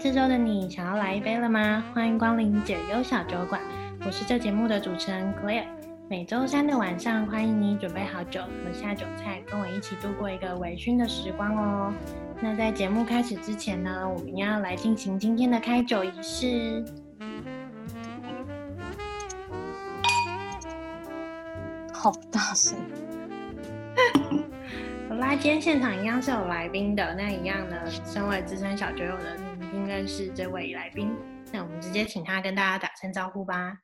這周的你想要來一杯了嗎？歡迎光臨解憂小酒館，我是這節目的主持人 Claire。每周三的晚上，歡迎你準備好酒和下酒菜，跟我一起度過一個微醺的時光哦。那在節目開始之前呢，我們要來進行今天的開酒儀式。好大聲！好 啦，今天現場一樣是有來賓的，那一樣呢，身為資深小酒友的。應該是這位來賓，那我們直接請他跟大家打聲招呼吧。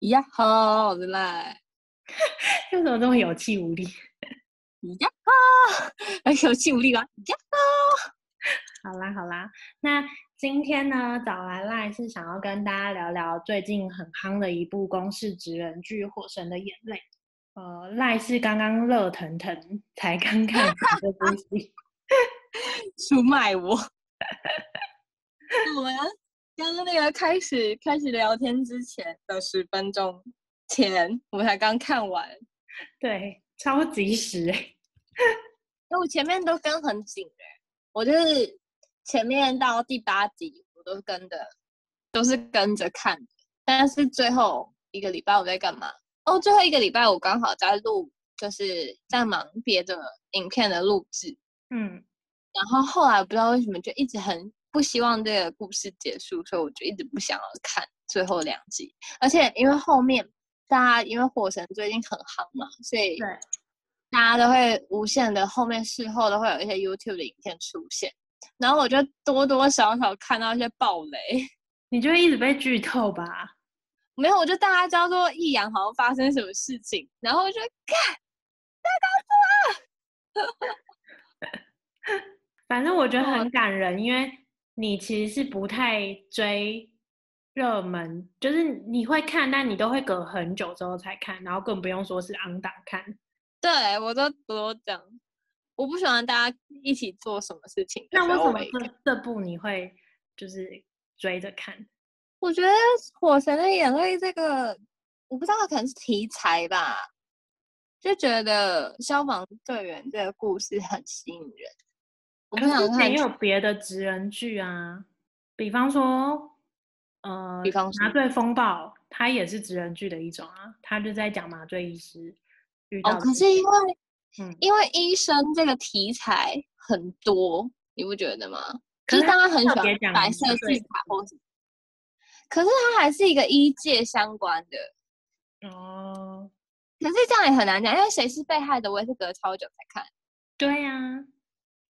呀好，好的，賴，為什麼這麼有氣無力？呀，有氣無力吧？呀好，好啦，好啦，那今天呢，找來賴是想要跟大家聊聊最近很夯的一部公視職人劇《火神的眼淚》。呃，賴是剛剛熱騰騰才剛看完的東西， 出賣我。 我們剛剛那個開始開始聊天之前的十分鐘前，我們才剛看完，對，超及時，因為我前面都跟很緊欸，我就是前面到第八集，我都跟着，都是跟着看的。但是最後一個禮拜我在幹嘛？哦，最後一個禮拜我剛好在錄，就是在忙別的影片的錄製，嗯。然後後來不知道為什麼就一直很不希望這個故事結束，所以我就一直不想要看最後兩集。而且因為後面大家因為火神最近很夯嘛，所以對，大家都會無限的後面事後都會有一些 YouTube 的影片出現。然後我就多多少少看到一些暴雷，你就一直被劇透吧？沒有，我就大家叫做義陽，好像發生什麼事情，然後我就看大家做了。 反正我覺得很感人，哦、因為你其實是不太追熱門，就是你會看，但你都會隔很久之後才看，然後更不用說是 on 檔看。對、欸，我都都這樣，我不喜歡大家一起做什麼事情。那為什麼這這部你會就是追着看？我覺得《火神的眼淚》這個，我不知道可能是題材吧，就覺得消防隊員這個故事很吸引人。想看，也有別的職人劇啊，比方說，呃，比方說，麻醉風暴，它也是職人劇的一種啊，它就在講麻醉醫師。哦，可是因為，嗯、因為醫生這個題材很多，你不覺得嗎？可是大家很喜歡白色系卡白色巨塔或者，可對是它還是一個醫界相關的。哦、嗯，可是這樣也很難講，因為誰是被害的，我也是隔了超久才看。對呀、啊。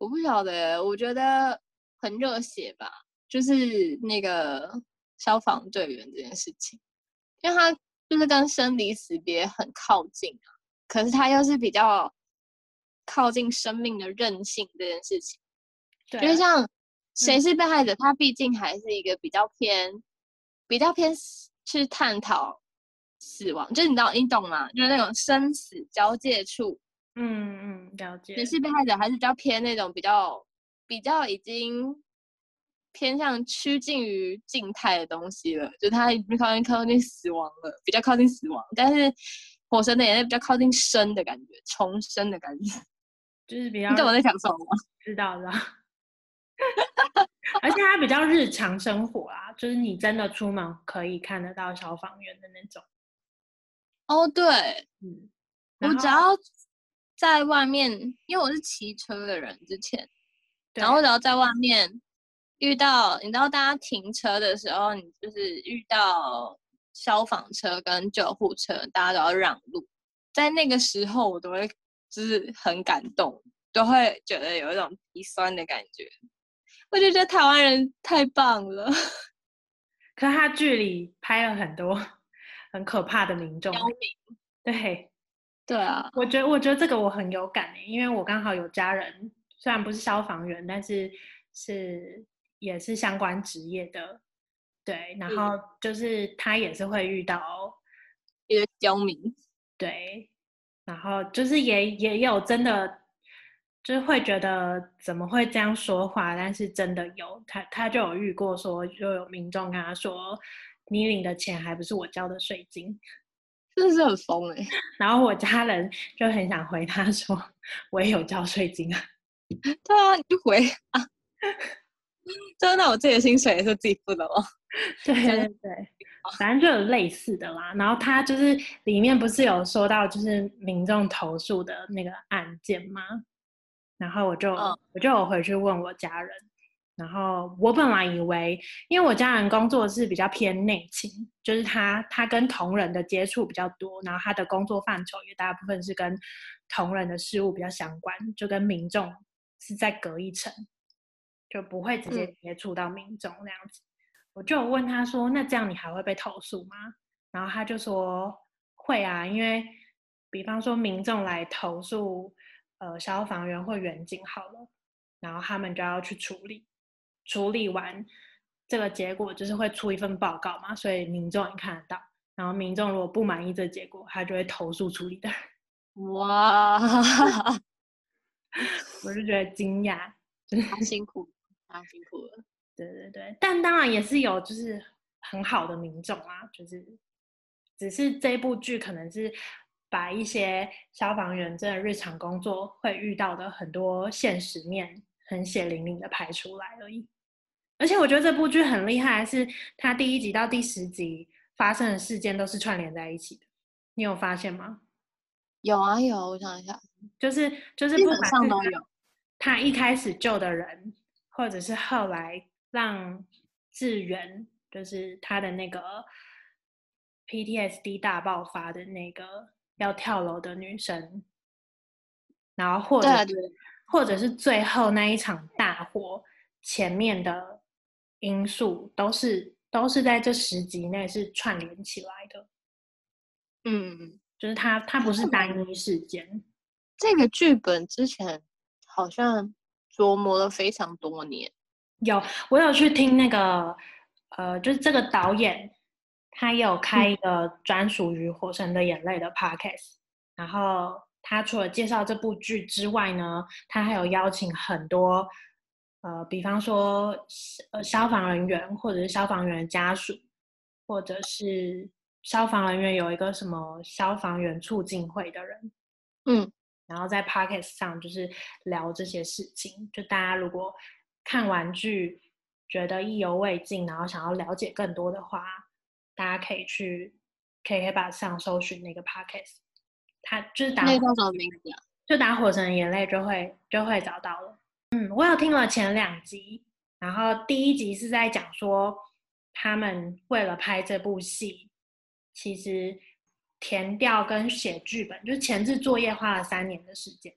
我不曉得，我覺得很熱血吧，就是那個消防隊員這件事情，因為他就是跟生離死別很靠近啊，可是他又是比較靠近生命的韌性這件事情，對啊，就是像《誰是被害者》嗯，他畢竟還是一個比較偏比較偏去探討死亡，就是你知道，你懂嗎？就是那種生死交界處。嗯嗯，了解。可是被害者，還是比較偏那種比較比較已經偏向趨近於靜態的東西了。就它已經靠近靠近死亡了，比較靠近死亡。但是火神的眼淚比較靠近生的感覺，重生的感覺，就是比較你。你知道我在想什麼嗎？知道，知道。 而且它比較日常生活啊，就是你真的出門可以看得到消防員的那種。哦，oh, 對，嗯、我只要在外面，因為我是騎車的人，之前，對然後只要在外面遇到，你知道，大家停車的時候，你就是遇到消防車跟救護車，大家都要讓路。在那個時候，我都會就是很感動，都會覺得有一種鼻酸的感覺。我就覺得台灣人太棒了。可是他劇裡拍了很多很可怕的民眾，名對。對啊，我覺得我覺得這個我很有感欸，因為我剛好有家人，雖然不是消防員，但是是也是相關職業的，對。然後就是他也是會遇到一些刁民，嗯、對。然後就是也也有真的就是會覺得怎麼會這樣說話，但是真的有他他就有遇過說，就有民眾跟他說，你領的錢還不是我交的稅金？真的是很瘋誒！然後我家人就很想回他說我：“我也有交稅金啊。”對啊，你就回啊，就那我自己的薪水也是自己付的哦。對對對，反正就有類似的啦。然後他就是裡面不是有說到就是民眾投訴的那個案件嗎？然後我就、哦、我就有回去問我家人。然後我本來以為，因為我家人工作是比較偏內勤，就是他他跟同仁的接觸比較多，然後他的工作範疇也大部分是跟同仁的事物比較相關，就跟民眾是在隔一層，就不會直接接觸到民眾這樣子。嗯、我就有問他說：“那這樣你還會被投訴嗎？”然後他就說：“會啊，因為比方說民眾來投訴呃消防員或員警好了，然後他們就要去處理。”處理完這個結果，就是會出一份報告嘛，所以民眾也看得到。然後民眾如果不滿意這個結果，他就會投訴處理的。哇， 我就覺得驚訝，真的很辛苦，太辛苦了。對對對，但當然也是有，就是很好的民眾啊，就是只是這部劇可能是把一些消防員在日常工作會遇到的很多現實面。很血淋淋的拍出來而已，而且我覺得這部劇很厲害，是他第一集到第十集發生的事件都是串聯在一起的。你有發現嗎？有啊，有。我想一下，就是就是，就是、基本上都有。他一開始救的人，或者是後來讓志遠，就是他的那個 PTSD 大爆發的那個要跳樓的女生，然後或者是、啊。或者是最後那一場大火，前面的因素都是都是在這十集內是串聯起來的。嗯，就是它它不是單一事件。這個劇本之前好像琢磨了非常多年。有，我有去聽那個，呃，就是這個導演他也有開一個專屬於《火神的眼淚》的 podcast，嗯，然後，他除了介紹這部劇之外呢，他還有邀請很多，呃，比方說，呃，消防人員，或者是消防員家屬，或者是消防人員有一個什麼消防員促進會的人，嗯，然後在 podcast 上就是聊這些事情。就大家如果看完劇覺得意猶未盡，然後想要了解更多的話，大家可以去 KK 上搜尋那個 podcast。他就是打火神，那個什麼名字啊？就打火神的眼淚就會就會找到了。嗯，我有聽了前兩集，然後第一集是在講說他們為了拍這部戲，其實田調跟寫劇本就是前置作業花了三年的時間。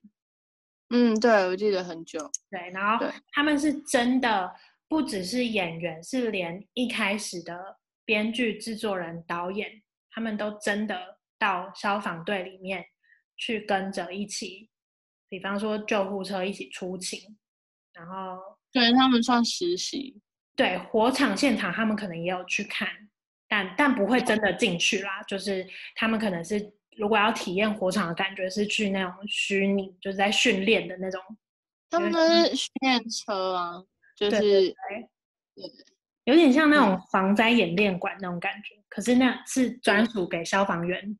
嗯，對，我記得很久。對，然後他們是真的不只是演員，是連一開始的編劇、制作人、導演，他們都真的。到消防隊裡面去跟着一起，比方說救護車一起出勤，然後對他們算實習。對，火場現場他們可能也有去看，但但不會真的進去啦。就是他們可能是如果要體驗火場的感覺，是去那種虛擬，就是在訓練的那種。他們都是訓練車啊，就是對，對，有點像那種防災演練館那種感覺。可是那是專屬給消防員，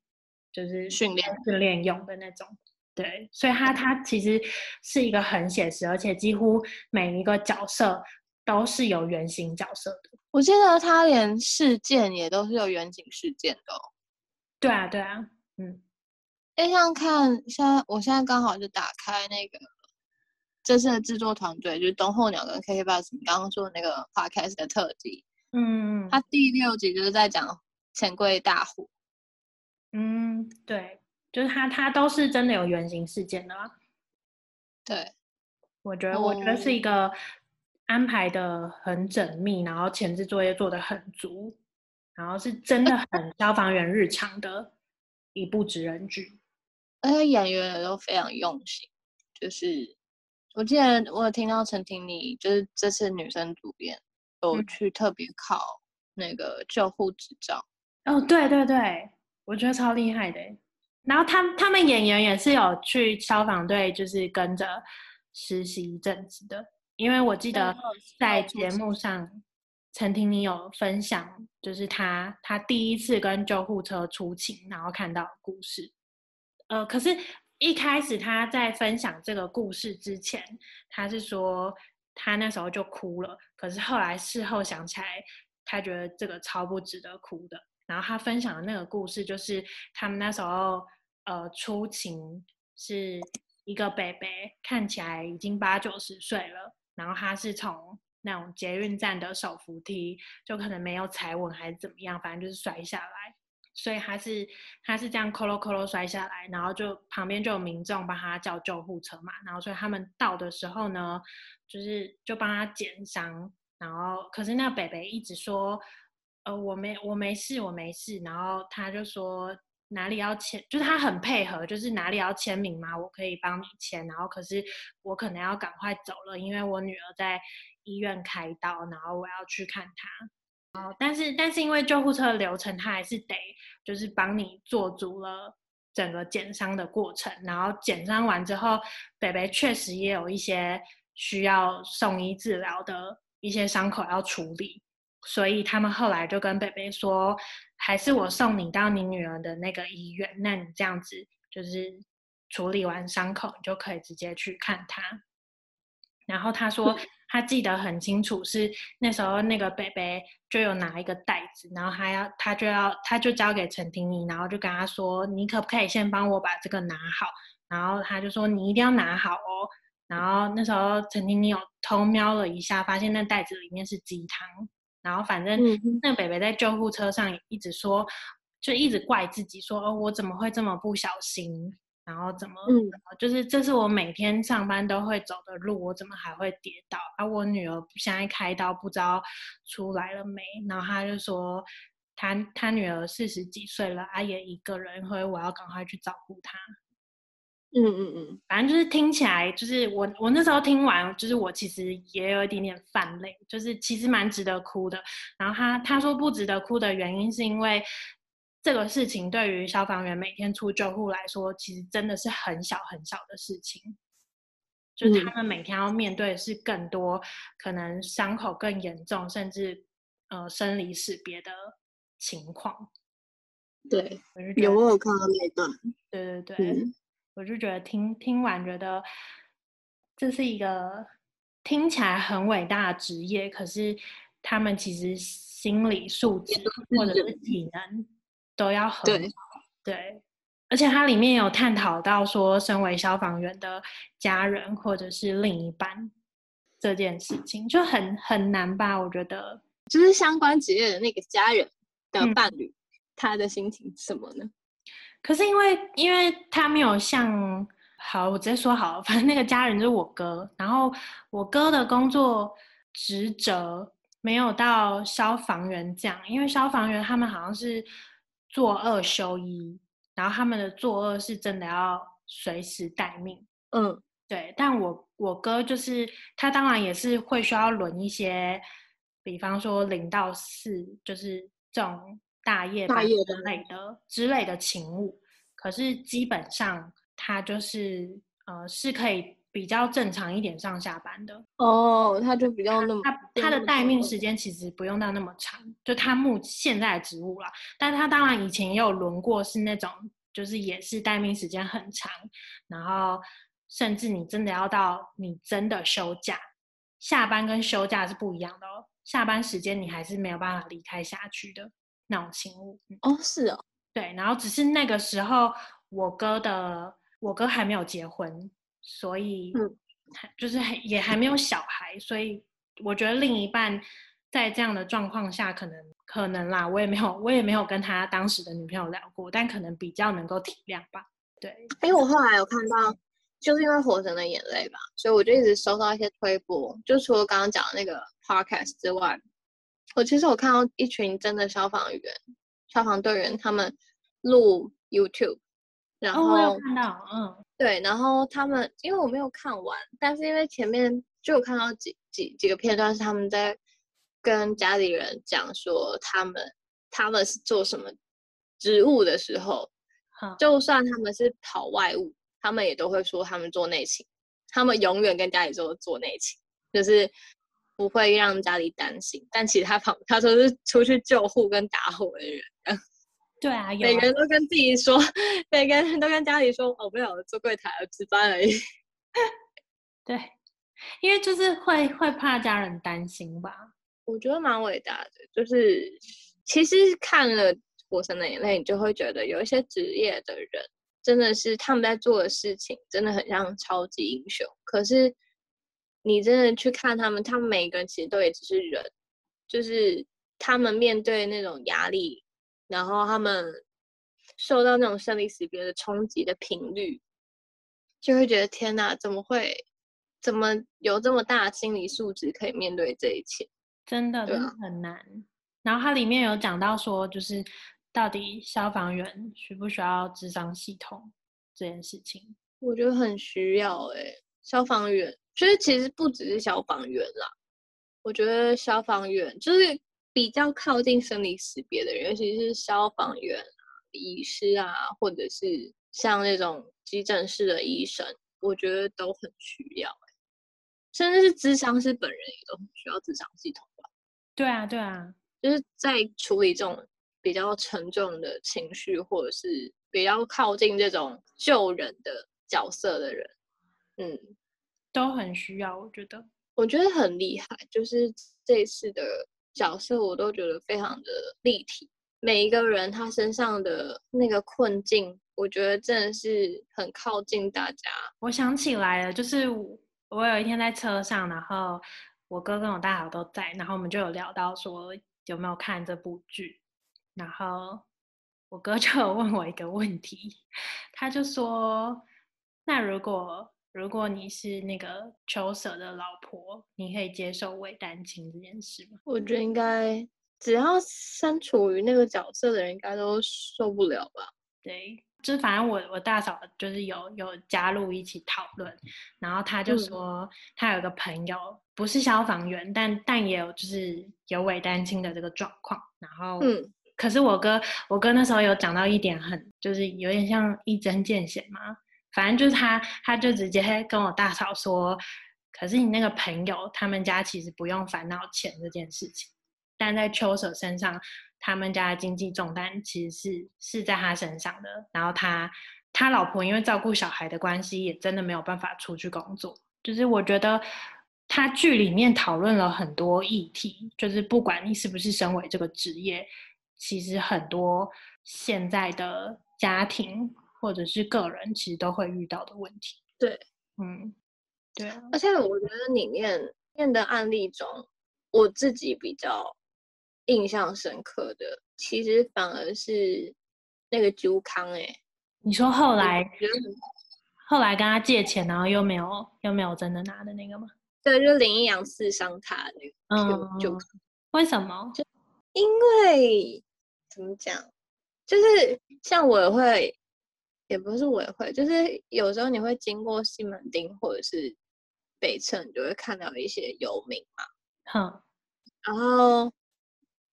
就是訓練訓練用的那種，對，所以他他其實是一個很寫實，而且幾乎每一個角色都是有原型角色的。我記得他連事件也都是有原型事件的、哦。對啊，對啊，嗯。哎，像看像我現在剛好就打開那個這次的制作團隊，就是東後鳥跟 KKBOX 你剛剛說的那個 Podcast 的特輯，嗯，他第六集就是在講錢櫃大戶。嗯，對，就是他，他都是真的有原型事件的、啊。對，我覺得，我，我覺得是一個安排的很縝密，然後前置作業做的很足，然後是真的很消防員日常的一部職人劇，而且演員都非常用心。就是我記得我有聽到陳婷你就是這次女生主演有去特別考那個救護執照。嗯嗯、哦，對對對。我覺得超厲害的，然後他他們演員也是有去消防隊，就是跟着實習一陣子的。因為我記得在節目上，曾聽你有分享，就是他他第一次跟救護車出勤，然後看到故事。呃，可是，一開始他在分享這個故事之前，他是說他那時候就哭了，可是後來事後想起來，他覺得這個超不值得哭的。然後他分享的那個故事，就是他們那時候，呃，出勤是一個伯伯，看起來已經八九十歲了。然後他是從那種捷運站的手扶梯，就可能沒有踩穩還是怎麼樣，反正就是摔下來。所以他是他是這樣咯咯咯咯摔下來，然後就旁邊就有民眾幫他叫救護車嘛。然後所以他們到的時候呢，就是就幫他檢傷。然後可是那伯伯一直說。呃，我沒，我沒事，我沒事。然後他就說哪裡要簽，就是他很配合，就是哪裡要簽名嘛，我可以幫你簽。然後可是我可能要趕快走了，因為我女兒在醫院開刀，然後我要去看她。哦，但是但是因為救護車的流程，他還是得就是幫你做足了整個檢傷的過程。然後檢傷完之後，北北確實也有一些需要送醫治療的一些傷口要處理。所以他們後來就跟貝貝說，還是我送你到你女兒的那個醫院，那你這樣子就是處理完傷口，你就可以直接去看她。然後他說他記得很清楚，是那時候那個貝貝就有拿一個袋子，然後他要他就要他就交給陳庭妮，然後就跟他說，你可不可以先幫我把這個拿好？然後他就說你一定要拿好哦。然後那時候陳庭妮有偷瞄了一下，發現那袋子裡面是雞湯。然後反正、嗯、那北北在救護車上也一直說，就一直怪自己說：“哦，我怎麼會這麼不小心？然後怎麼、嗯、後就是這是我每天上班都會走的路，我怎麼還會跌倒？而、啊、我女兒現在開刀不知道出來了沒？然後他就說，他他女兒四十幾歲了，阿、啊、也一個人，所以我要趕快去照顧她。嗯嗯嗯，反正就是聽起來就是我我那時候聽完就是我其實也有一點點泛淚，就是其實蠻值得哭的。然後他他說不值得哭的原因是因為這個事情對於消防員每天出救護來說，其實真的是很小很小的事情，嗯、就是他們每天要面對的是更多可能傷口更嚴重，甚至、呃、生離死別的情況。對，有，有我有看到那段。對對對。嗯我就覺得聽聽完覺得這是一個聽起來很偉大的職業，可是他們其實心理素質或者是體能都要很好。對，對，而且它裡面有探討到說，身為消防員的家人或者是另一半這件事情就很很難吧？我覺得，就是相關職業的那個家人的伴侶，嗯，他的心情是什麼呢？可是因為，因為他沒有像，好，我直接說好了，反正那個家人就是我哥，然後我哥的工作職責沒有到消防員這樣，因為消防員他們好像是做二休一，然後他們的做二是真的要隨時待命，嗯、呃，對，但我我哥就是他，當然也是會需要輪一些，比方說零到四，就是這種。大夜大夜之類的，的之類的勤務，可是基本上他就是呃，是可以比較正常一點上下班的哦，他就比較那麼他他的待命時間其實不用到那麼長，嗯、就他目現在的職務了。但是他當然以前也有輪過，是那種就是也是待命時間很長，然後甚至你真的要到你真的休假，下班跟休假是不一樣的哦，下班時間你還是沒有辦法離開轄區的。那種情哦，是哦，對，然後只是那個時候我哥的我哥還沒有結婚，所以嗯，就是也還沒有小孩，所以我覺得另一半在這樣的狀況下可能可能啦，我也沒有我也沒有跟他當時的女朋友聊過，但可能比較能夠體諒吧。對，因為我後來有看到，就是因為《火神的眼淚》吧，所以我就一直收到一些推播，就除了剛剛講的那個 podcast 之外。我其實我看到一群真的消防員、消防隊員，他們錄 YouTube，然後、哦、我看到，嗯，對，然後他們因為我沒有看完，但是因為前面就有看到幾幾幾個片段是他們在跟家裡人講說他們他們是做什麼職務的時候，哦、就算他們是跑外務，他們也都會說他們做內勤，他們永遠跟家裡說做做內勤，就是。不會讓家裡擔心，但其他旁他說是出去救護跟打火的人，對啊，每個人都跟自己說，啊、每個人都跟家裡說，我不了，坐、哦、櫃台，我值班而已。對，因為就是會會怕家人擔心吧。我覺得蠻偉大的，就是其實看了《火神的眼淚》，你就會覺得有一些職業的人，真的是他們在做的事情，真的很像超級英雄。可是。你真的去看他們，他們每個人其實都也只是人，就是他們面對那種壓力，然後他們受到那種生離死別的衝擊的頻率，就會覺得天哪，怎麼會，怎麼有這麼大心理素質可以面對這一切？真的，啊、真的很難。然後它裡面有講到說，就是到底消防員需不需要諮商系統這件事情，我覺得很需要誒、欸，消防員。所以其實不只是消防員啦，我覺得消防員就是比較靠近生離死別的人，尤其是消防員啊、醫師啊，或者是像那種急診室的醫生，我覺得都很需要欸。甚至是諮商師本人也都很需要諮商系統吧、啊？對啊，對啊，就是在處理這種比較沉重的情緒，或者是比較靠近這種救人的角色的人，嗯。都很需要，我覺得，我覺得很厲害，就是這次的角色，我都覺得非常的立體。每一個人他身上的那個困境，我覺得真的是很靠近大家。我想起來了，就是我，我有一天在車上，然後我哥跟我大嫂都在，然後我們就有聊到說有沒有看這部劇，然後我哥就有問我一個問題，他就說，那如果。如果你是那個秋蛇的老婆，你可以接受偽單親這件事嗎？我覺得應該，只要身處於那個角色的人，應該都受不了吧。對，就反正我我大嫂就是有有加入一起討論，然後她就說她、嗯、有個朋友不是消防員，但但也有就是有偽單親的這個狀況。然後，嗯，可是我哥我哥那時候有講到一點很，很就是有點像一針見血嘛。反正就是他，他就直接跟我大嫂說：“可是你那個朋友，他們家其實不用煩惱錢這件事情，但在邱 Sir 身上，他們家的經濟重擔其實是是在他身上的。然後他，他老婆因為照顧小孩的關係，也真的沒有辦法出去工作。就是我覺得，他劇裡面討論了很多議題，就是不管你是不是身為這個職業，其實很多現在的家庭。”或者是個人其實都會遇到的問題。對，嗯，對、啊，而且我覺得裡面面的案例中，我自己比較印象深刻的，其實反而是那個朱康。欸。哎，你說後來，後來跟他借錢，然後又沒有，又沒有真的拿的那個嗎？對，就林義陽刺傷他那個。嗯，就為什麼？就因為怎麼講？就是像我會。也不是我也會，就是有時候你會經過西門町或者是北城，就會看到一些遊民嘛。好、嗯，然後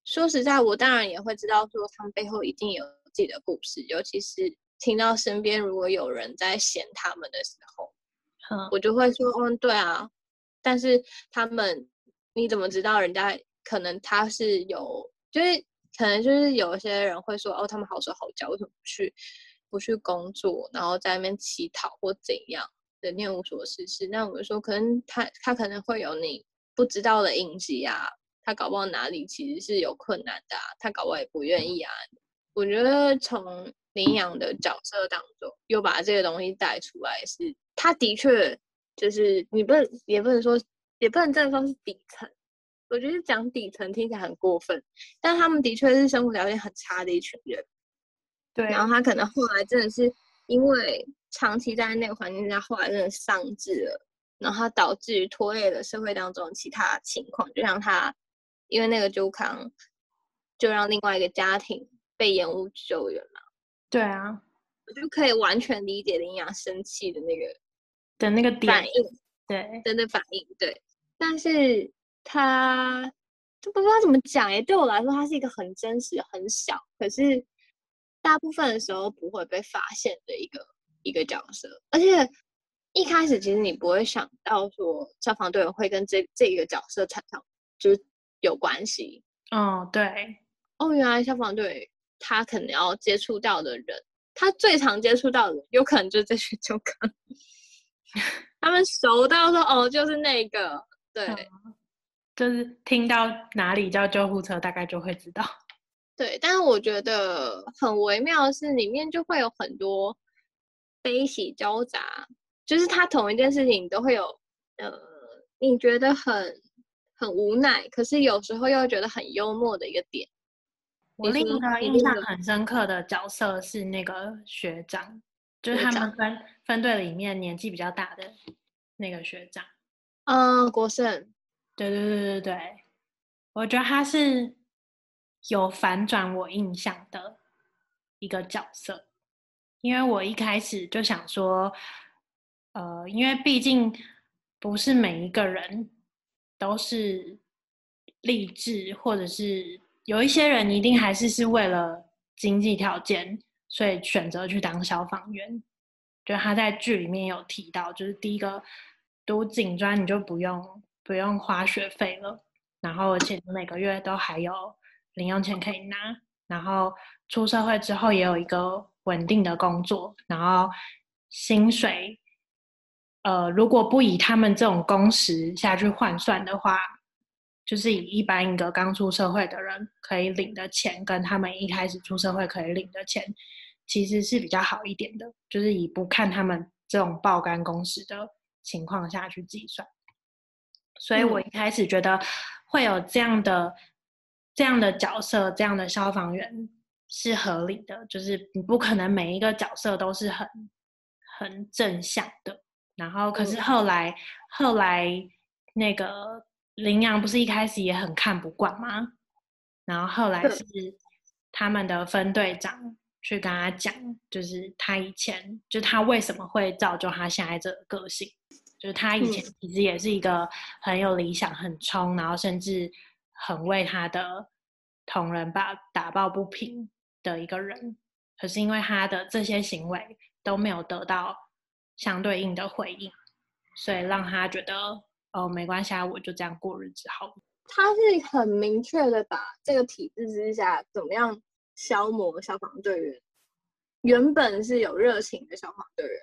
說實在，我當然也會知道說他們背後一定有自己的故事，尤其是聽到身邊如果有人在嫌他們的時候，嗯、我就會說嗯、哦，對啊。但是他們，你怎麼知道人家可能他是有，就是可能就是有一些人會說，哦，他們好手好腳，為什麼不去？不去工作，然後在外面乞討或怎樣的，那無所事事。那我們說，可能他他可能會有你不知道的隱疾啊，他搞不好哪裡其實是有困難的啊，他搞不好也不願意啊。我覺得從領養的角色當中又把這個東西帶出來是，是他的確就是你不能也不能說也不能這樣說是底層。我覺得講底層聽起來很過分，但他們的確是生活條件很差的一群人。對，然後他可能後來真的是因為長期待在那個環境下，後來真的喪志了，然後他導致於拖累了社會當中其他情況，就像他，因為那個周康，就讓另外一個家庭被延誤救援嘛。對啊，我就可以完全理解林陽生氣的那個的那個反應，對，真的那反應對，但是他就不知道怎麼講哎，對我來說，他是一個很真實、很小，可是。大部分的時候不會被發現的一個一個角色，而且一開始其實你不會想到說消防隊員會跟這這一個角色產生就是有關係。哦，對，哦，原來消防隊他可能要接觸到的人，他最常接觸到的人有可能就是這些就可能。 他們熟到說哦，就是那個，對，嗯，就是聽到哪裡叫救護車，大概就會知道。對，但是我覺得很微妙的是，裡面就會有很多悲喜交雜，就是他同一件事情都會有，呃，你覺得很很無奈，可是有時候又覺得很幽默的一個點。我另一個印象很深刻的角色是那個學長，就是他們分學長分隊裡面年紀比較大的那個學長。嗯，國勝。對對對對對，我覺得他是。有反轉我印象的一個角色，因為我一開始就想說，呃，因為畢竟不是每一個人都是勵志，或者是有一些人一定還是是為了經濟條件，所以選擇去當消防員。就他在劇裡面有提到，就是第一個讀警專你就不用不用花學費了，然後而且每個月都還有零用錢可以拿，然後出社會之後也有一個穩定的工作，然後薪水，呃，如果不以他們這種工時下去換算的話，就是以一般一個剛出社會的人可以領的錢，跟他們一開始出社會可以領的錢，其實是比較好一點的，就是以不看他們這種爆肝工時的情況下去計算。所以我一開始覺得會有這樣的。這樣的角色，這樣的消防員是合理的，就是你不可能每一個角色都是很很正向的。然後，可是後來、嗯、後來那個林陽不是一開始也很看不慣嗎？然後後來是他們的分隊長去跟他講，就是他以前就他為什麼會造就他現在這個個性，就是他以前其實也是一個很有理想、很衝，然後甚至。很為他的同仁吧打抱不平的一個人，可是因為他的這些行為都沒有得到相對應的回應，所以讓他覺得哦，沒關係，我就這樣過日子好了。他是很明確的把這個體制之下怎麼樣消磨消防隊員，原本是有熱情的消防隊員，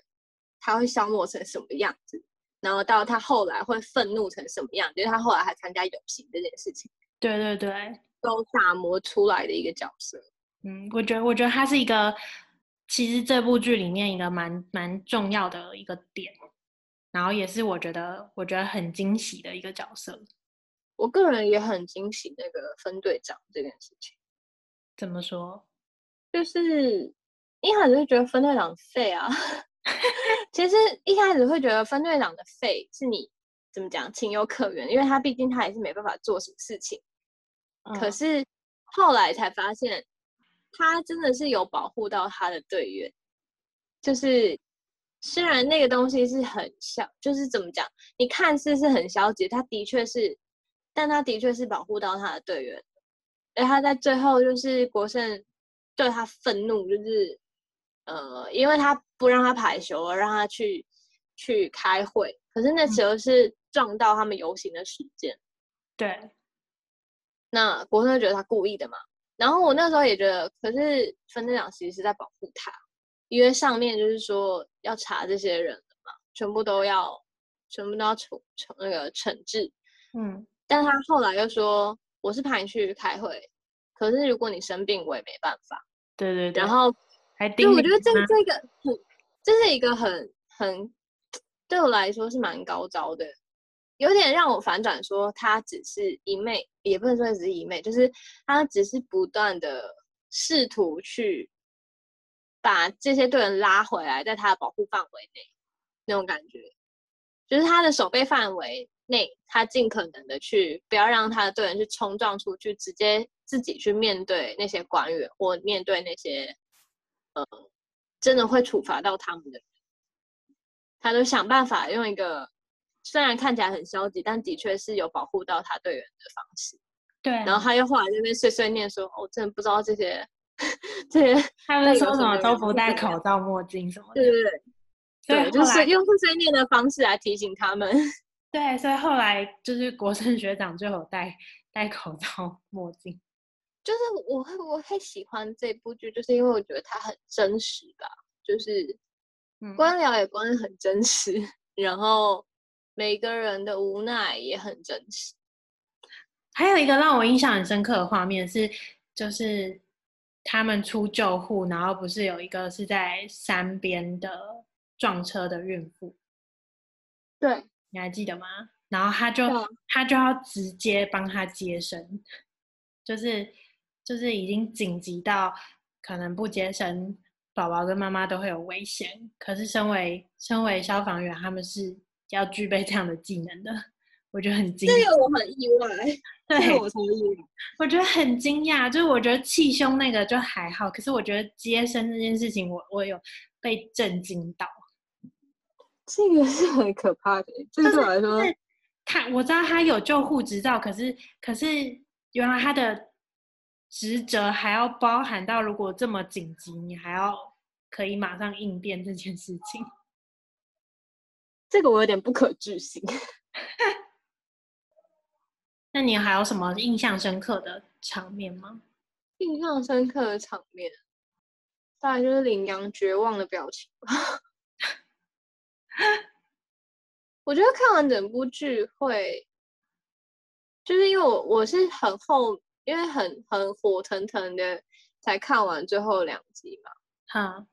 他會消磨成什麼樣子？然後到他後來會憤怒成什麼樣？就是他後來還參加遊行這件事情。對對對，都打磨出來的一個角色。嗯，我覺得，我覺得他是一個，其實這部劇裡面一個蠻蠻重要的一個點，然後也是我覺得，我覺得很驚喜的一個角色。我個人也很驚喜那個分隊長這件事情。怎麼說？就是一開始會覺得分隊長廢啊， 其實一開始會覺得分隊長的廢是你怎麼講，情有可原，因為他畢竟他也是沒辦法做什麼事情。可是後來才發現，他真的是有保護到他的隊員。就是雖然那個東西是很像，就是怎麼講，你看似是很消極，他的確是，但他的確是保護到他的隊員。而他在最後就是國勝對他憤怒，就是呃，因為他不讓他排球，而讓他去去開會。可是那時候是撞到他們遊行的時間。對。那國生覺得他故意的嘛，然後我那時候也覺得，可是分隊長其實是在保護他，因為上面就是說要查這些人了嘛，全部都要，全部都要懲懲那個懲治，嗯，但他後來又說我是派你去開會，可是如果你生病我也沒辦法。對對對，然後，還盯，為我覺得這個、這個很、嗯，這是一個很很，對我來說是蠻高招的。有點讓我反轉，說他只是一昧，也不能說只是一昧，就是他只是不斷的試圖去把這些隊員拉回來，在他的保護範圍內，那種感覺，就是他的守備範圍內，他儘可能的去不要讓他的隊員去衝撞出去，直接自己去面對那些官員或面對那些，呃，嗯，真的會處罰到他們的人。他都想辦法用一個。雖然看起來很消極，但的確是有保護到他隊員的方式。對啊，然後他又後來那邊碎碎念說：“我真的不知道這些，這些他們說什麼都不戴口罩、墨鏡什麼。”對對對，就是用碎碎念的方式來提醒他們。對，所以後來就是國勝學長最後戴戴口罩、墨鏡。就是我會，我會喜歡這部劇，就是因為我覺得它很真實吧。就是，官僚也官很真實，然後。每個人的無奈也很真實。還有一個讓我印象很深刻的畫面是，就是他們出救護，然後不是有一個是在山邊的撞車的孕婦，對，你還記得嗎？然後他就對他就要直接幫他接生，就是就是已經緊急到可能不接生，寶寶跟媽媽都會有危險。可是身為身為消防員，他們是要具備這樣的技能的，我覺得很驚。這個我很意外， 對我超意外。我覺得很驚訝，就是我覺得氣胸那個就還好，可是我覺得接生這件事情我，我我有被震驚到。這個是很可怕的，就是對我來說，就是就是、他我知道他有救護執照，可是可是原來他的職責還要包含到，如果這麼緊急，你還要可以馬上應變這件事情。這個我有點不可置信。 那你還有什麼印象深刻的場面嗎？印象深刻的場面，大概就是義陽絕望的表情吧。 我覺得看完整部劇會，就是因為我我是很後，因為很很火騰騰的才看完最後兩集嘛。哈、啊，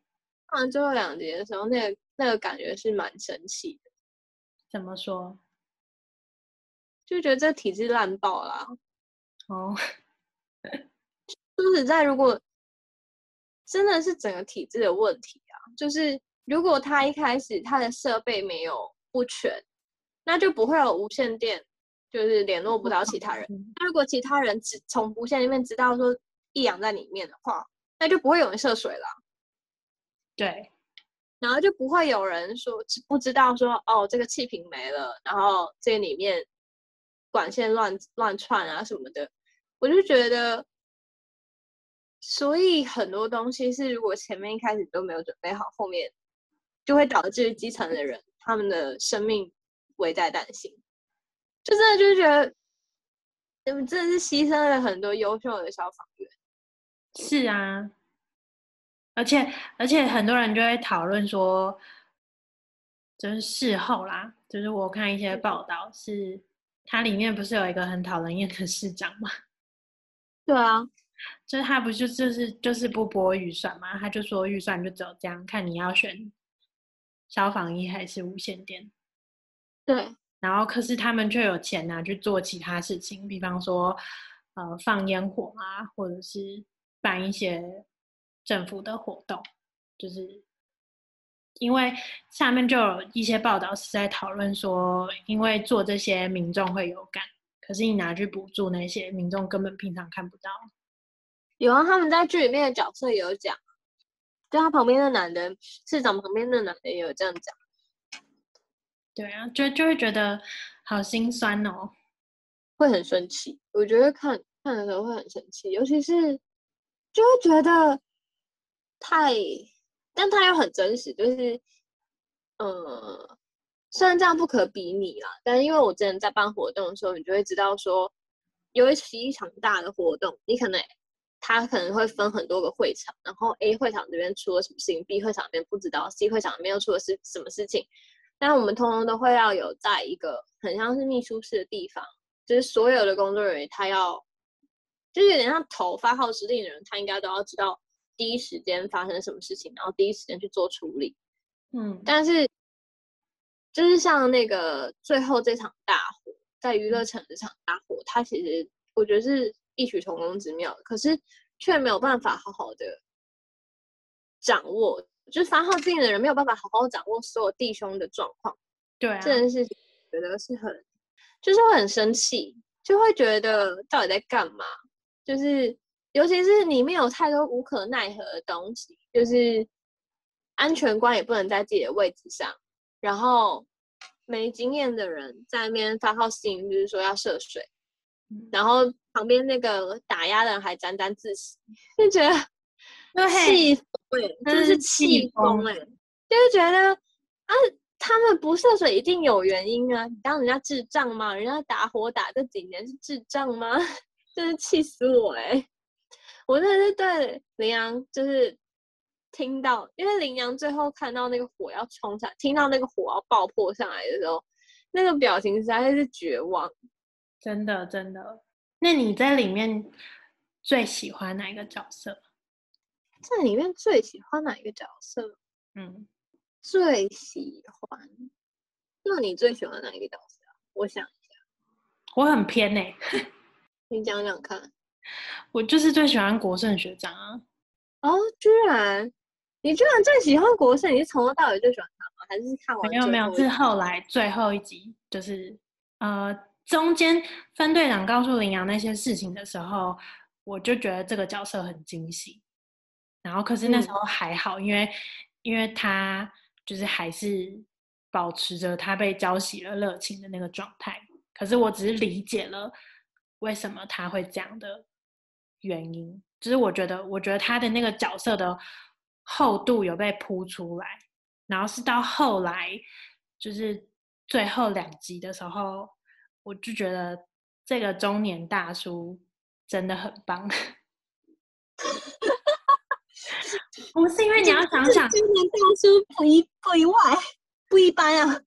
看完最後兩集的時候，那個那個感覺是蠻神奇的。怎麼說？就覺得這體制爛爆了、啊。哦，oh. 說實在，如果真的是整個體制的問題啊，就是如果他一開始他的設備沒有不全，那就不會有無線電，就是聯絡不到其他人。那、oh. 如果其他人只從無線電裡面知道說義陽在裡面的話，那就不會有人涉水了、啊。對。然後就不會有人說不，不知道說哦，這個氣瓶沒了，然後這裡面管線亂亂串啊什麼的，我就覺得，所以很多東西是如果前面一開始都沒有準備好，後面就會導致基層的人他們的生命危在旦夕，就真的就是覺得你們真的是犧牲了很多優秀的消防員。是啊。而且而且很多人就會討論說，就是事後啦，就是我看一些報道是，他裡面不是有一個很討人厭的市長嗎？對啊，就是他不就就是就是不撥預算嗎？他就說預算就只有這樣，看你要選消防衣還是無線電。對。然後可是他們卻有錢吶、啊，去做其他事情，比方說呃放煙火啊，或者是辦一些。政府的活動，就是因為下面就有一些報道是在討論說，因為做這些民眾會有感，可是你拿去補助那些民眾，根本平常看不到。有啊，他們在劇裡面的角色也有講。就他旁邊的男人，市長旁邊的男的也有這樣講。對啊，就就會覺得好心酸哦，會很生氣。我覺得看看的時候會很生氣，尤其是就會覺得。太，但它又很真實，就是，呃、嗯，雖然這樣不可比擬啦，但是因為我之前在辦活動的時候，你就會知道說，尤其一場大的活動，你可能，他可能會分很多個會場，然後 A 會場這邊出了什麼事情，B 會場那邊不知道，C 會場那邊又出了是什麼事情，但我們通通都會要有在一個很像是秘書室的地方，就是所有的工作人員他要，就是有點像頭發號施令的人，他應該都要知道。第一時間發生什麼事情，然後第一時間去做處理。嗯，但是就是像那個最後這場大火，在娛樂城這場大火，它其實我覺得是異曲同工之妙。可是卻沒有辦法好好的掌握，就是發號施令的人沒有辦法好好掌握所有弟兄的狀況。對啊，這件事情。覺得是很，就是我很生氣，就會覺得到底在幹嘛？就是。尤其是裡面有太多無可奈何的東西，就是安全官也不能在自己的位置上，然後沒經驗的人在那邊發號施令，就是說要射水，嗯、然後旁邊那個打壓的人還沾沾自喜，就覺得氣，對，水嗯、真是氣瘋、欸、風就是覺得啊，他們不射水一定有原因啊！你當人家智障嗎？人家打火打這幾年是智障嗎？真是氣死我哎、欸！我真的是對林陽，就是聽到，因為林陽最後看到那個火要衝上，聽到那個火要爆破上來的時候，那個表情實在是絕望，真的真的。那你在裡面最喜歡哪一個角色？在裡面最喜歡哪一個角色？嗯，最喜歡。那你最喜歡哪一個角色？我想一下。我很偏哎、欸。 你講講看。我就是最喜歡國勝學長啊！哦，居然你居然最喜歡國勝，你是從頭到尾最喜歡他嗎？還是看完？沒有沒有？是後來最後一集，就是呃，中間分隊長告訴林陽那些事情的時候，我就覺得這個角色很驚喜。然後可是那時候還好，嗯、因為因為他就是還是保持着他被澆熄了熱情的那個狀態。可是我只是理解了為什麼他會這樣的。原因只，就是，我覺得，我覺得他的那個角色的厚度有被鋪出來，然後是到後來，就是最後兩集的時候，我就覺得這個中年大叔真的很棒。我們 是因為你要想想，中、 就是，年大叔不一不意外，不一般啊。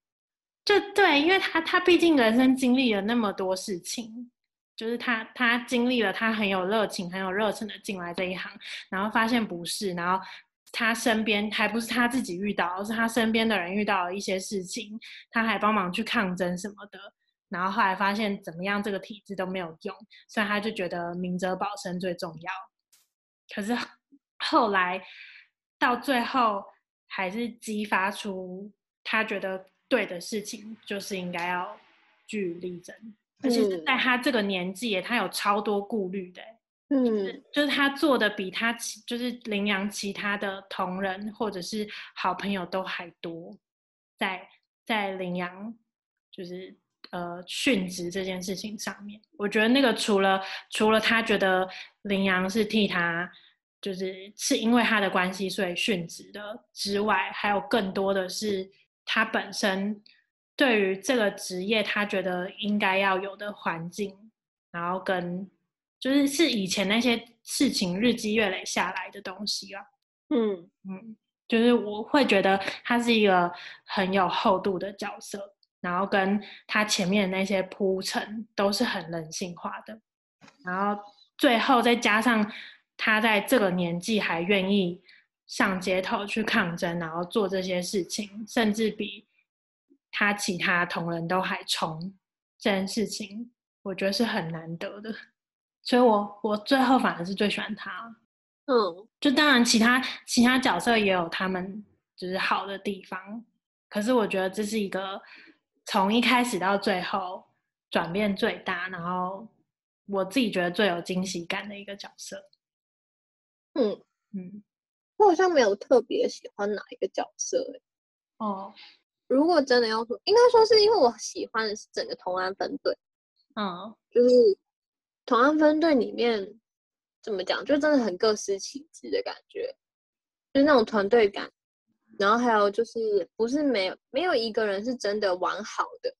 就對，因為他他畢竟人生經歷了那麼多事情。就是他，他經歷了，他很有熱情，很有熱忱的進來這一行，然後發現不是，然後他身邊還不是他自己遇到，而是他身邊的人遇到了一些事情，他還幫忙去抗爭什麼的，然後後來發現怎麼樣，這個體制都沒有用，所以他就覺得明哲保身最重要。可是後來到最後，還是激發出他覺得對的事情，就是應該要據理力爭。而且是在他這個年紀，嗯、他有超多顧慮的。嗯、就是，就是他做的比他就是林陽其他的同仁、或者是好朋友都還多，在在林陽就是呃殉職這件事情上面，我覺得那個除了除了他覺得林陽是替他就是是因為他的關係，所以殉職的之外，還有更多的是他本身，對於這個職業，他覺得應該要有的環境，然後跟就是是以前那些事情日積月累下來的東西了啊。嗯嗯，就是我會覺得他是一個很有厚度的角色，然後跟他前面那些鋪陳都是很人性化的，然後最後再加上他在這個年紀還願意上街頭去抗爭，然後做這些事情，甚至比。他其他同仁都還衝這件事情，我覺得是很難得的，所以我我最後反而是最喜歡他，嗯，就當然其他其他角色也有他們就是好的地方，可是我覺得這是一個從一開始到最後轉變最大，然後我自己覺得最有驚喜感的一個角色，嗯嗯，嗯，我好像沒有特別喜歡哪一個角色，哦。如果真的要說，應該說是因為我喜歡的是整個同安分隊，嗯，就是同安分隊裡面怎麼講，就真的很各司其職的感覺，就是，那種團隊感。然後還有就是，不是沒有沒有一個人是真的完好的，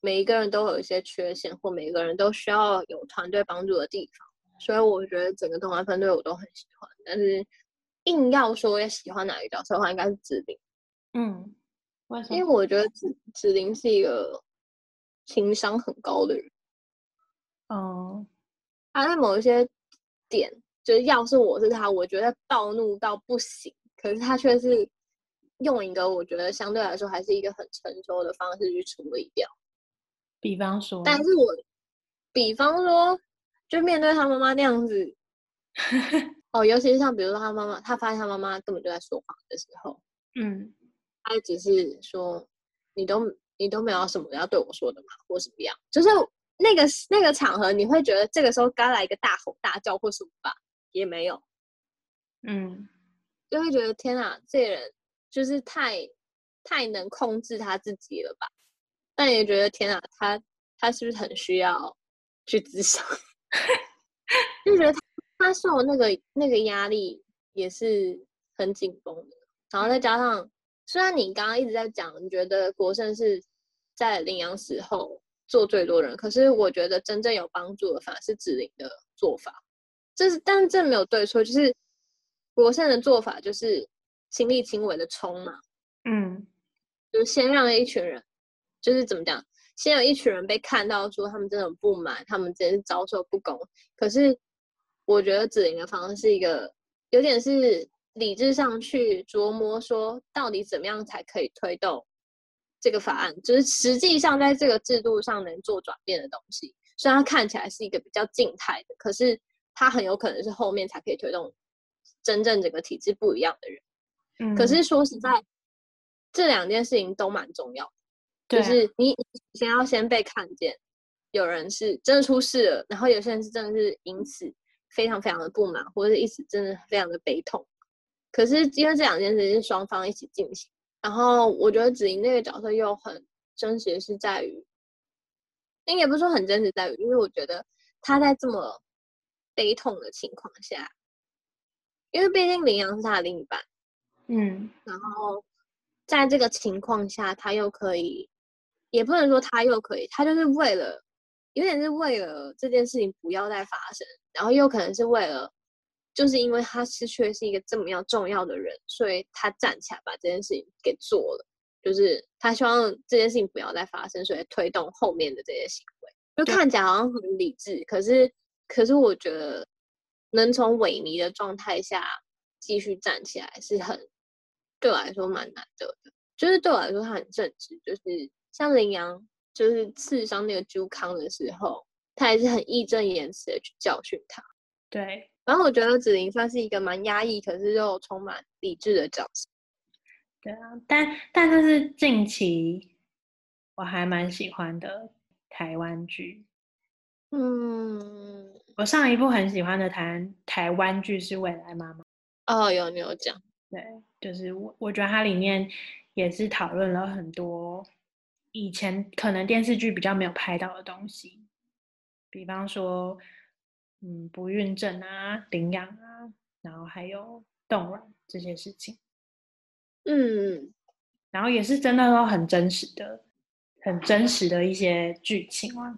每一個人都有一些缺陷，或每一個人都需要有團隊幫助的地方。所以我覺得整個同安分隊我都很喜歡，但是硬要說要喜歡哪一角色的話，應該是子伶。嗯。為因為我覺得子子伶是一個情商很高的人，哦、oh. 啊。他在某一些點，就是要是我是他，我覺得暴怒到不行，可是他卻是用一個我覺得相對來說還是一個很成熟的方式去處理掉，比方說，但是我，比方說，就面對他媽媽那樣子， 哦，尤其是像比如說他媽媽，他發現他媽媽根本就在說謊的時候，嗯。只是說，你都你都沒有什麼要對我說的嘛，或什麼樣？就是那個那個場合，你會覺得這個時候該來一個大吼大叫，或什麼吧？也沒有，嗯，就會覺得天啊，這人就是太太能控制他自己了吧？但也覺得天啊，他他是不是很需要去諮商 就覺得他他受那個那個壓力也是很緊繃的，然後再加上。雖然你剛剛一直在講，你覺得國勝是在義陽時候做最多人，可是我覺得真正有幫助的反而是子伶的做法，就是，但是這沒有對錯，就是國勝的做法就是親力親為的衝嘛，嗯，就是先讓一群人，就是怎麼講，先有一群人被看到說他們真的不滿，他們真的是遭受不公，可是我覺得子伶的方式是一個有點是。理智上去琢磨，說到底怎麼樣才可以推動這個法案，就是實際上在這個制度上能做轉變的東西。雖然它看起來是一個比較靜態的，可是它很有可能是後面才可以推動真正整個體制不一樣的人。嗯，可是說實在，這兩件事情都蠻重要。就是你先要先被看見，有人是真的出事了，然後有些人是真的是因此非常非常的不滿，或者是一直真的非常的悲痛。可是因為這兩件事情是雙方一起進行，然後我覺得子伶那個角色又很真實，是在於，應該也不是說很真實，在於，因為我覺得他在這麼悲痛的情況下，因為畢竟林陽是他的另一半，嗯，然後在這個情況下，他又可以，也不能說他又可以，他就是為了，有點是為了這件事情不要再發生，然後又可能是為了。就是因為他失去的是一個這麼樣重要的人，所以他站起來把這件事情給做了。就是他希望這件事情不要再發生，所以推動後面的這些行為，就看起來好像很理智。對可是，可是我覺得能從萎靡的狀態下繼續站起來，是很對我來說蠻難得的。就是對我來說，他很正直。就是像林陽，就是刺傷那個朱康的時候，他還是很義正言辭的去教訓他。對。然後我覺得子伶算是一個蠻壓抑，可是又充滿理智的角色。對啊，但但這是近期我還蠻喜歡的台灣劇。嗯，我上一部很喜歡的台台灣劇是《未來媽媽》。哦，有，你有講，對，就是我我覺得它裡面也是討論了很多以前可能電視劇比較沒有拍到的東西，比方說。嗯，不孕症啊，領養啊，然後還有動亂這些事情，嗯，然後也是真的都很真實的，很真實的一些劇情啊，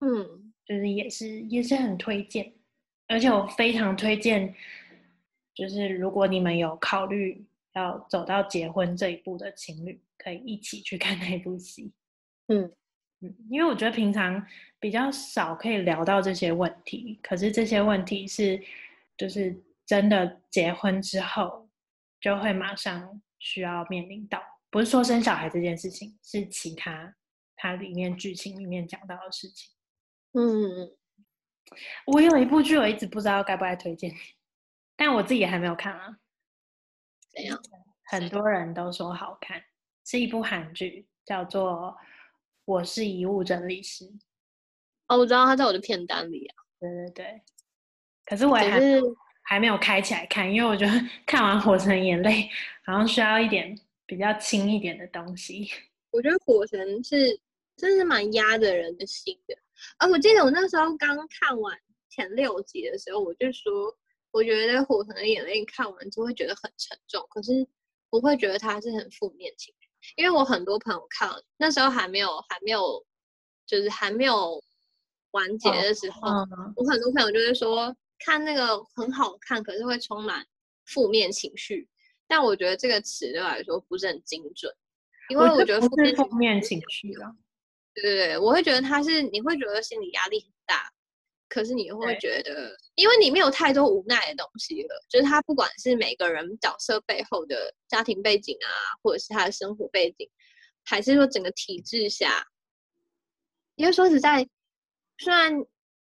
嗯，就是也是也是很推薦，而且我非常推薦，就是如果你們有考慮要走到結婚這一步的情侶，可以一起去看那部戲，嗯。嗯，因為我覺得平常比較少可以聊到這些問題，可是這些問題是，就是真的結婚之後就會馬上需要面臨到，不是說生小孩這件事情，是其他它裡面劇情裡面講到的事情。嗯，我有一部劇，我一直不知道該不該推薦，但我自己還沒有看啊。怎樣？很多人都說好看，是一部韓劇，叫做。我是遺物整理師，哦，我知道他在我的片單裡啊。對對對，可是我還是還沒有開起來看，因為我覺得看完《火神眼淚》，好像需要一點比較輕一點的東西。我覺得《火神》是真的是蠻壓的人的心的。啊，我記得我那時候剛看完前六集的時候，我就說，我覺得《火神的眼淚》看完之後會覺得很沉重，可是不會覺得它是很負面情緒。因為我很多朋友看了那時候還沒有還沒有，就是還沒有完結的時候，oh, uh. 我很多朋友就是說看那個很好看，可是會充滿負面情緒。但我覺得這個詞對我來說不是很精準，因為我覺得負面負面情緒啊。對對對，我會覺得它是你會覺得心理壓力很大。可是你又會覺得，因為你沒有太多無奈的東西了。就是他不管是每個人角色背後的家庭背景啊，或者是他的生活背景，還是說整個體製下，因為說實在，雖然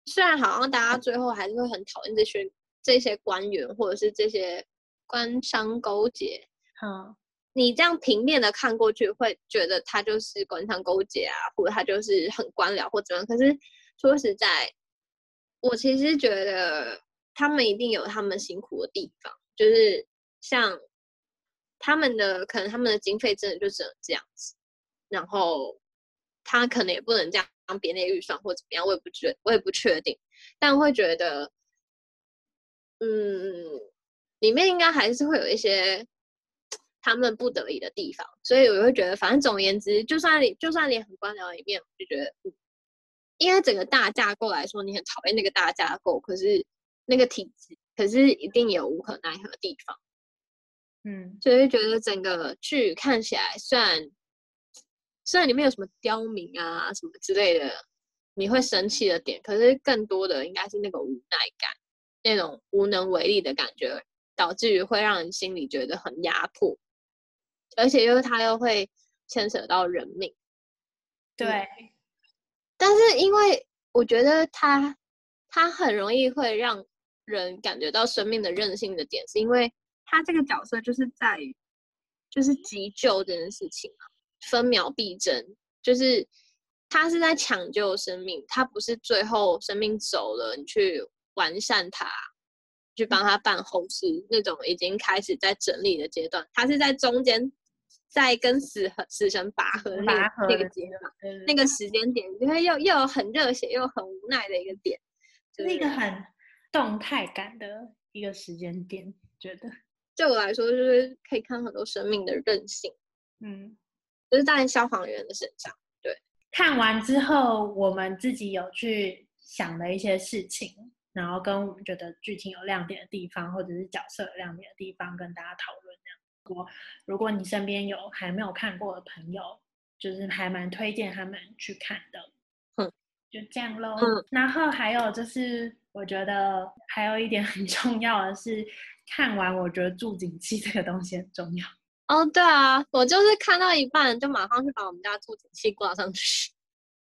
雖然好像大家最後還是會很討厭這些這些官員，或者是這些官商勾結，嗯，你這樣平面的看過去，會覺得他就是官商勾結啊，或者他就是很官僚或怎樣。可是說實在。我其實覺得他們一定有他們辛苦的地方，就是像他們的可能他們的經費真的就只能這樣子，然後他可能也不能這樣幫別人預算或怎麼樣，我也不覺我也不確定，但會覺得，嗯，裡面應該還是會有一些他們不得已的地方，所以我會覺得，反正總而言之，就算就算你很官僚一面，我就覺得、嗯因為整個大架構來說，你很討厭那個大架構，可是那個體制，可是一定也有無可奈何的地方。嗯，就是覺得整個劇看起來雖，雖然雖然裡面有什麼刁民啊什麼之類的，你會生氣的點，可是更多的應該是那個無奈感，那種無能為力的感覺，導致於會讓人心裡覺得很壓迫，而且又是他又會牽扯到人命。對。嗯但是，因為我覺得他他很容易會讓人感覺到生命的韌性的點，是因為他這個角色就是在於，就是急救這件事情分秒必爭，就是他是在搶救生命，他不是最後生命走了你去完善他，去幫他辦後事那種已經開始在整理的階段，他是在中間。在跟死死神拔河那個那個節嘛，節目那個時間點，因為又又很熱血又很無奈的一個點，就是、就是一個很動態感的一個時間點，覺得對我來說就是可以看很多生命的韌性，嗯，就是在消防員的身上。對，看完之後我們自己有去想的一些事情，然後跟我們覺得劇情有亮點的地方，或者是角色有亮點的地方，跟大家討論。我，如果你身邊有還沒有看過的朋友，就是還蠻推薦他們去看的。哼就這樣嘍。哼然後還有就是，我覺得還有一點很重要的是，看完我覺得住警器這個東西很重要。哦，對啊，我就是看到一半就馬上就把我們家住警器掛上去。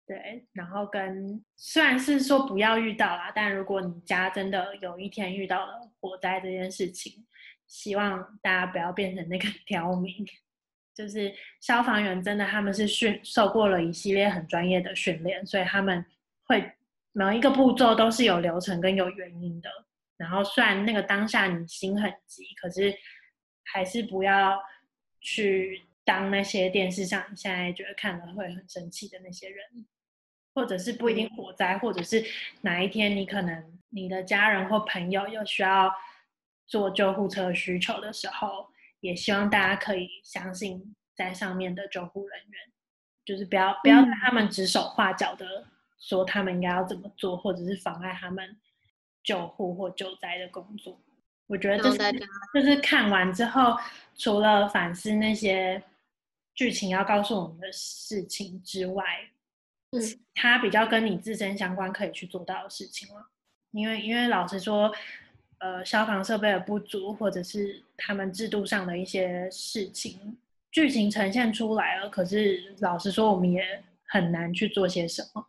對，然後跟，雖然是說不要遇到啦，但如果你家真的有一天遇到了火災這件事情，希望大家不要變成那個刁民，就是消防員真的他們是訓受過了一系列很專業的訓練，所以他們會每一個步驟都是有流程跟有原因的。然後雖然那個當下你心很急，可是還是不要去當那些電視上你現在覺得看了會很生氣的那些人，或者是不一定火災，或者是哪一天你可能你的家人或朋友又需要。做救護車需求的時候，也希望大家可以相信在上面的救護人員，就是不要不要他們指手畫腳的說他們應該要怎麼做，或者是妨礙他們救護或救災的工作。我覺得這是就是看完之後，除了反思那些劇情要告訴我們的事情之外，他它比較跟你自身相關可以去做到的事情了。因為因為老實說。呃，消防設備的不足，或者是他們制度上的一些事情，劇情呈現出來了。可是，老實說，我們也很難去做些什麼。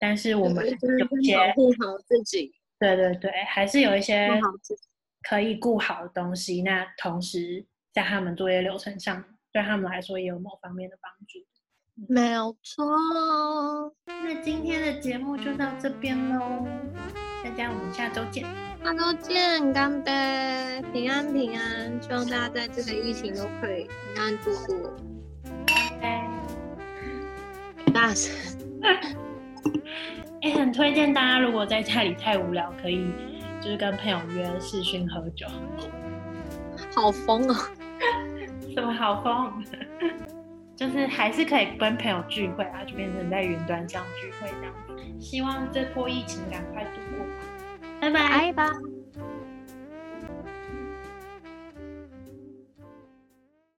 但是我們有些就是保護好自己。對對對，還是有一些可以顧好的東西。那同時，在他們作業流程上，對他們來說也有某方面的幫助。沒有錯，那今天的節目就到這邊嘍，大家我們下周見，下周見，乾杯，平安平安，希望大家在這個疫情都可以平安度過，拜拜嘿。嘿哎，很推薦大家，如果在家裡太無聊，可以就是跟朋友約視訊喝酒，好瘋哦、喔，什麼好瘋？就是還是可以跟朋友聚會啊，就變成在雲端這樣聚會這樣子。希望這波疫情趕快度過吧，拜拜。